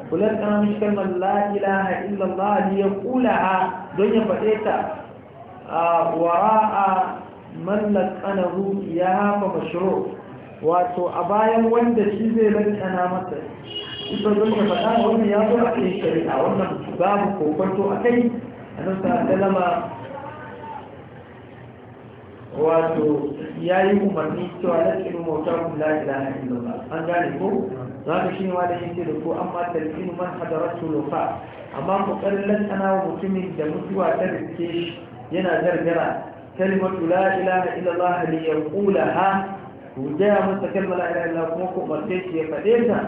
ku lantana mishi la ilaha illallah ne ya kula a don ya faɗe ta a wara'a mallakana hu ya hafa mashiro wato a bayan wanda shi zai lantana masa kusan zama da faɗa wannan ya zo a cikin shari'a wannan babu kokonto a kai a nan sa dalama wato ya yi umarni cewa na cikin mota kun la ilaha ba an gane ko za ka shi ma da ce da ko amma talqin man hadaratu lufa amma ku kallan ana mutumin da mutuwa ta rike shi yana gargara kalimatu la ilaha illallah li yaqulaha ku da masa kalmar la ilaha illallah kuma ku barke shi ya fade ta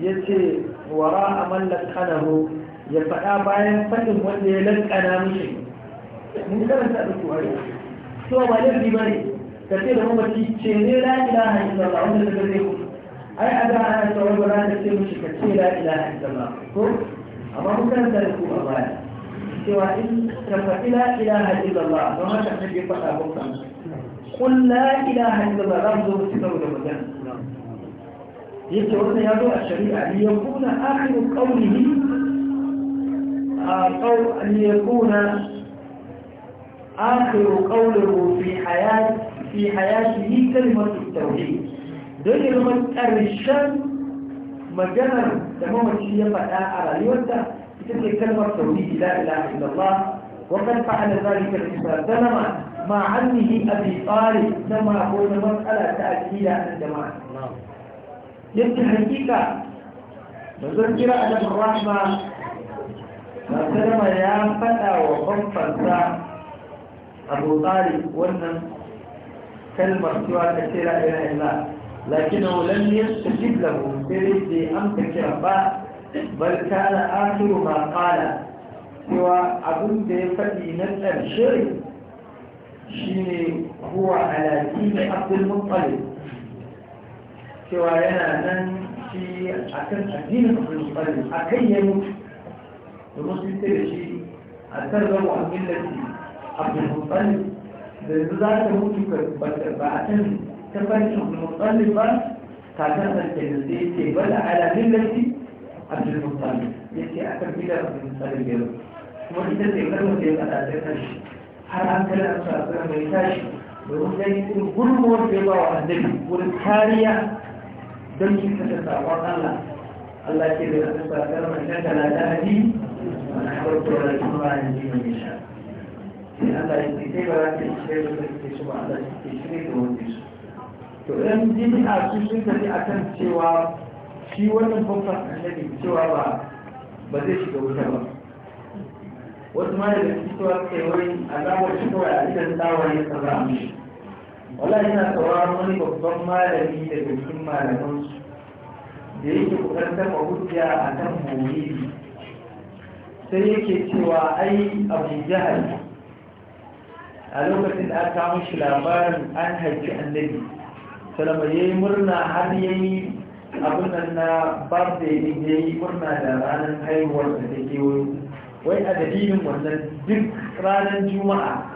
ya ce wara a mallakanahu ya faɗa bayan faɗin wanda ya lankana mishi mun karanta da kuwari so ba laifi ba ne ka ce da mamaci ce ne la ilaha illallah wanda daga zai ku ai a da ana tsawon ba za ta ce mishi ka ce la ilaha illallah ko amma mun karanta da ku a baya cewa in ka faɗi la ilaha illallah don haka kake faɗa ba kun la ilaha illallah za mu zo mu ci gaba da magana يبقى يا ذو الشريعة ليكون آخر قوله آه، قول أن يكون آخر قوله في حياة في حياته كلمة التوحيد دون كلمة الرشان مجانا تماما شيء فأنا أرى ليوتا تلك كلمة التوحيد لا إله إلا الله وقد فعل ذلك الإنسان تماما مع عمه أبي طالب لما هو مسألة تأكيد عندما الجماعة نعم. yake hakika da zan kira annabin rahma masalama ya faɗa wa bambansa abu tsari wannan kalmar cewa ta ce la ila illa lakinau lam yastajib lahu sai dai amsa kira ba bal na akhiru ma qala cewa abin da ya faɗi na ƙarshe shine huwa ala dini abdul muttalib cewa yana nan shi a kan addinin musulmi a kan ya mutu da musulmi da shi a kan zama a millati abdulmutsali da yanzu za ta mutu ba a kan tafarkin abdulmutsali ba kakar sarki da zai ce ba da ala millati abdulmutsali ya ce a kan millar abdulmutsali biyar kuma ita ce karwa da ya fada ta kashi har an kalla a mai tashi domin ganin gurmuwar da ya ba wa annabi wurin kariya don shi kasa sakon Allah Allah ke da kasa sakar mai kasa na dadi wani da wani ba a yanzu mai sha. sai Allah ya ce ba za ta yi shirya da kake shi ba Allah ya ce shirya da wanda su to ɗan jini a su sun tafi a kan cewa shi wannan babban annabi cewa ba ba zai shiga wuta ba wasu ma daga cikin cewa kai wani azabar shi kawai a cikin tsawon ya tsara mishi wala yana sauraron wani babban malami da cikin malamansu da yake kukantar hujja a kan maulidi sai yake cewa ai abu jihar a lokacin da aka shi labarin an haifi annabi salama ya yi murna har ya yi abin nan na da ya yi murna da ranar haihuwar da take wai a dalilin wannan duk ranar juma'a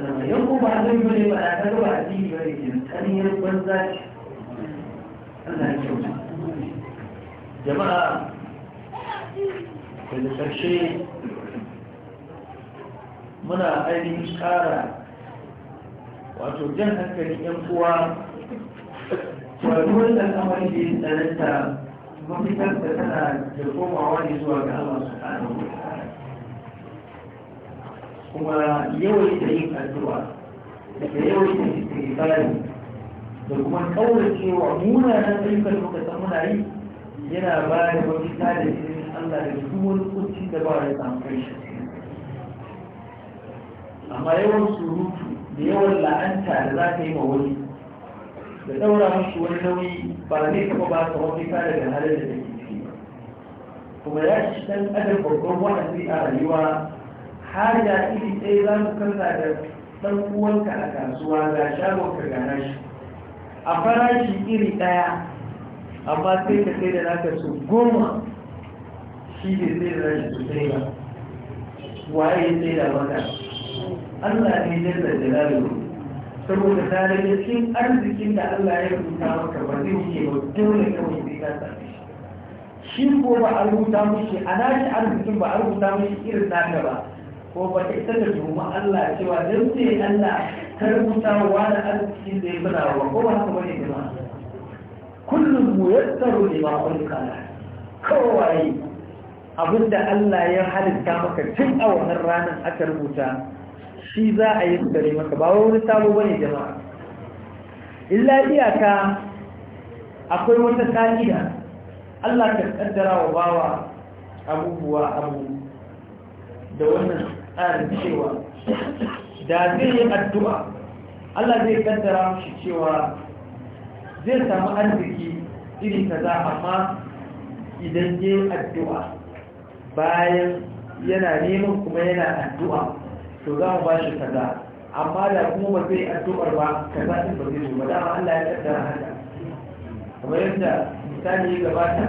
yau ko ba zai bane ba a karo a cikin bane ke tsariyar banza ce Allah ya kyauta jama'a daga ƙarshe muna ainihin ƙara wato jan hankalin yan uwa faruwar da kamar da ya tsananta mafitar da tana da komawa ne zuwa ga Allah su kuma yawan da yin addu'a da yawan da istighfari da kuma kaura cewa munanan ayyukan da muka muna yi yana ba da mafita da jirgin Allah da duk wani kunci da ba ya samu kai shi amma yawan surutu da yawan la'anta da za ka yi ma wani da daura mashi wani nauyi ba zai taɓa ba ka mafita daga halin da ke ciki ba kuma ya ci dan adam babban wa'azi a rayuwa har da iri ɗaya za su kasa da ɗan uwanka a kasuwa ga ka ga nashi a farashi iri ɗaya amma sai ka sai da naka su goma shi ne sai da nashi su sai ba waye sai da maka Allah ne da jalalu saboda ta da cikin arzikin da Allah ya rubuta maka ba zai yi ba dole kawai sai ka same shi ko ba a rubuta mushi a nashi arzikin ba a rubuta mushi irin naka ba ko ba ta ita da tuhuma Allah cewa don sai Allah ta rubuta wa da arziki zai fada wa ko ba kuma ne jama'a kullum mu yattaru ne ma kun kana kowai abinda Allah ya halitta maka tun a wannan ranar aka rubuta shi za a yi dare maka ba wani sabo bane jama'a illa iyaka akwai wata ka'ida Allah ka kaddara wa bawa abubuwa abu da wannan tsarin cewa da zai yi addu'a Allah zai kaddara shi cewa zai samu arziki iri kaza amma idan yi addu'a bayan yana neman kuma yana addu'a to za mu ba shi kaza amma da kuma ba zai addu'ar ba kaza su ba zai ba dama Allah ya kaddara haka kamar yadda misali ya gabata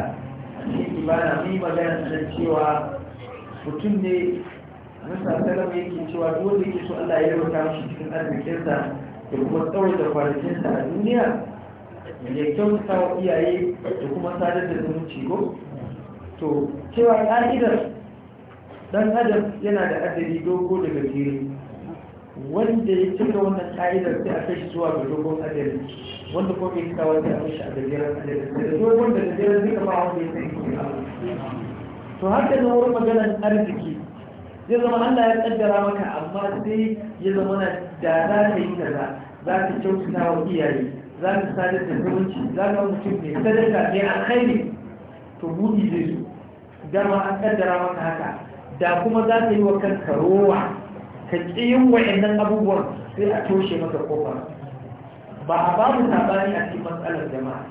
a cikin ibana mun magana cewa mutum ne Musa Salam yake cewa dole wanda yake so Allah ya rubuta mishi cikin arzikinsa da kuma tsawon da kwanakinsa a duniya ya kyautata wa iyaye da kuma sadar da zumunci ko to cewa ka'idar dan adam yana da adadi dogo daga jere wanda ya cika wannan ka'idar sai a kai shi zuwa ga dogon adadi wanda kuma bai kawo da abin shi a gajeren adadi da dogon da gajeren zai kama wanda ya sai to haka na wani maganar arziki zai zama Allah ya kaddara maka amma sai ya zama na da za ka yi kaza za ka kyautata wa iyaye za ka sadar da zumunci za ka mutum mai sadaka mai alkhairi to buɗi zai zo dama an kaddara maka haka da kuma za ka yi wa kanka rowa ka ƙi wa'annan abubuwan sai a toshe maka kofar ba a babu sabani a cikin matsalar jama'a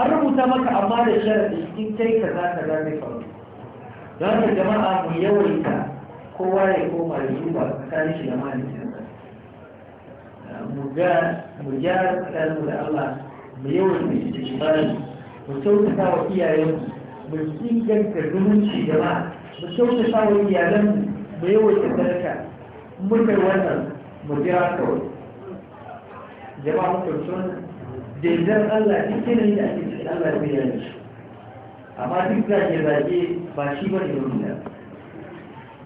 an rubuta maka amma da sharadi in kai ka za ka za faru jama'a mu yawaita kowa ya koma da duba tsakanin shi da mahaifinsa mu ga mu gyara tsakaninmu da Allah mu yawan da shi da mu kyautata wa iyayen mu inganta zumunci jama'a mu kyautata wa iyalanmu mu yawan da tsarka mu kai wannan mu jira kawai jama'a mu kyautata wannan daidan Allah duk yanayin da ake cikin Allah ya zai yanzu amma duk zage-zage ba shi ba ne domin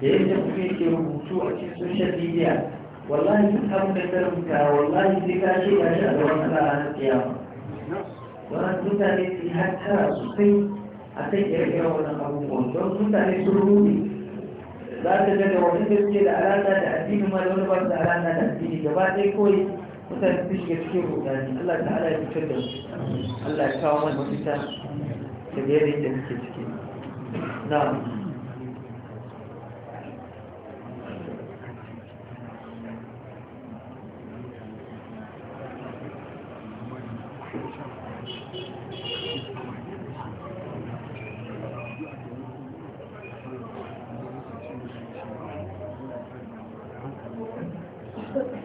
da yadda kuke ke rubutu a cikin social media wallahi duk abin da ka rubuta wallahi sai ka ce ya shi a gaban Allah a nan kiyama wannan mutane su yi hattara sosai a kan ire-iren wannan abubuwan don mutane sun rubuta za ta daga da wani da suke da alaƙa da addini ma da wani ba da alaƙa da addini gaba ɗaya kawai mutane su shiga cikin rudani Allah ta'ala ya fitar da su Allah ya kawo mana mafita da yadda da suke ciki na'am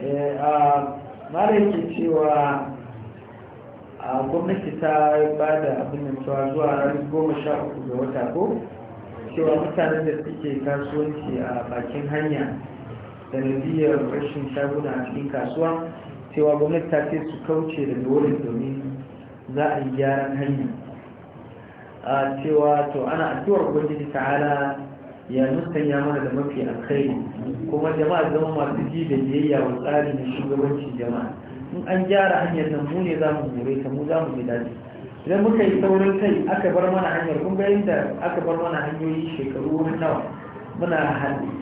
Eh, ah, mara ke cewa a ah, gwamnati ta ba da abin cewa zuwa ranar goma sha uku ga wata ko cewa mutanen da suke kasuwanci a bakin hanya da rashin shaguna a cikin kasuwa cewa gwamnati ta ce su kauce da dole domin za a yi gyaran hanya a ah, cewa to ana addu'ar gwamnati ta'ala ya nuskan ya mana da mafi alkhairi kuma jama'a zama masu ji da biyayya wa tsari na shugabancin jama'a in an gyara hanyar nan mu ne za mu more ta mu za mu ji daɗi idan muka yi saurin kai aka bar mana hanyar kun ga yadda aka bar mana hanyoyi shekaru wani nawa muna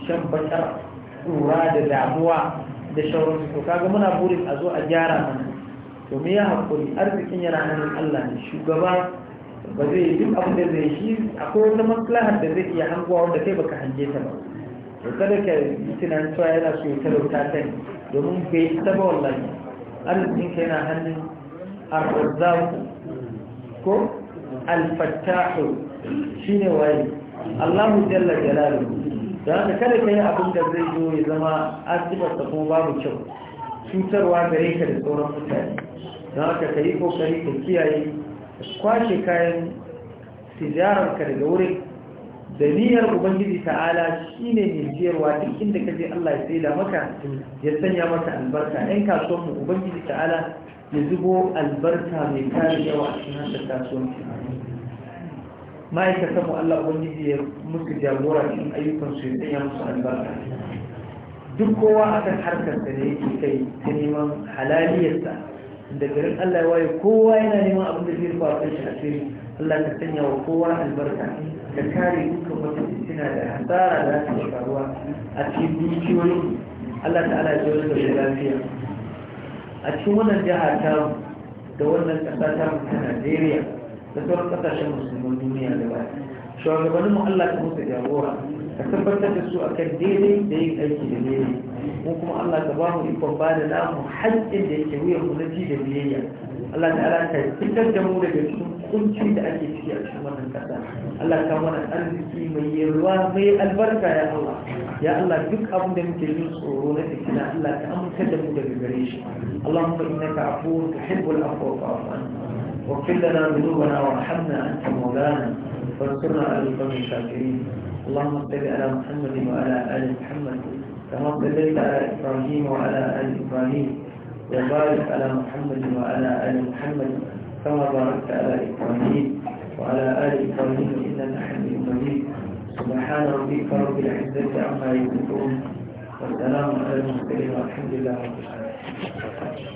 shan bakar tsura da damuwa da shauransu to kaga muna burin a zo a gyara mana to me ya haƙuri arzikin yana hannun Allah ne shugaba ba zai duk abin da zai shi akwai wata maslahar da zai iya hangowa wanda kai baka hange ta ba to kada ka yi tunanin cewa yana so ya talauta ta ne domin bai ta ba wallahi arzikin ka yana hannun arzaku ko alfattahu shine waye Allahu jalla jalalu da haka kada ka yi abin da zai zo ya zama asibarsa kuma babu kyau cutarwa gare ka da sauran mutane don haka ka yi kokari ka kiyaye kwashe kayan tijararka daga wurin da niyyar ubangiji ta'ala shine ne jiyarwa duk inda ka je Allah ya da maka ya sanya maka albarka ɗan kasuwanmu ubangiji ta'ala ya zubo albarka mai kare yawa a cikin hannun kasuwanci ma'aikatan mu Allah ubangiji ya musu jagora cikin ayyukan su ya sanya musu albarka duk kowa akan harkar da ne yake kai ta neman halaliyarsa da garin Allah ya waye kowa yana neman abin da zai faru shi a cikin Allah ta sanya wa kowa albarka da kare dukkan wata fitina da hasara da ta faruwa a cikin dukiyoyi Allah ta'ala ya zo da lafiya a cikin wannan jiha ta da wannan ƙasa ta ta Najeriya da sauran ƙasashen musulman duniya da ba shugabanninmu Allah ta musu jagora ka tabbatar da su a kan daidai da yin aiki da daidai mu kuma Allah ka ba mu ikon ba da namu haƙƙin da yake wuyan mu na ji da biyayya Allah ta ala ka fitar da mu daga cikin kunci da ake ciki a cikin wannan ƙasa Allah ka mana arziki mai yarwa mai albarka ya Allah ya Allah duk abin da muke jin tsoro na fitina Allah ka amince da mu daga gare shi Allahumma innaka afuwun tuhibbul afwa fa'fu anna واغفر لنا ذنوبنا وارحمنا انت مولانا فانصرنا على القوم الكافرين اللهم صل على محمد وعلى آل محمد كما صليت على إبراهيم وعلى آل إبراهيم وبارك على محمد وعلى آل محمد كما باركت على إبراهيم وعلى آل إبراهيم إنك حميد مجيد سبحان ربك رب العزة عما يصفون والسلام على المسلمين والحمد لله رب العالمين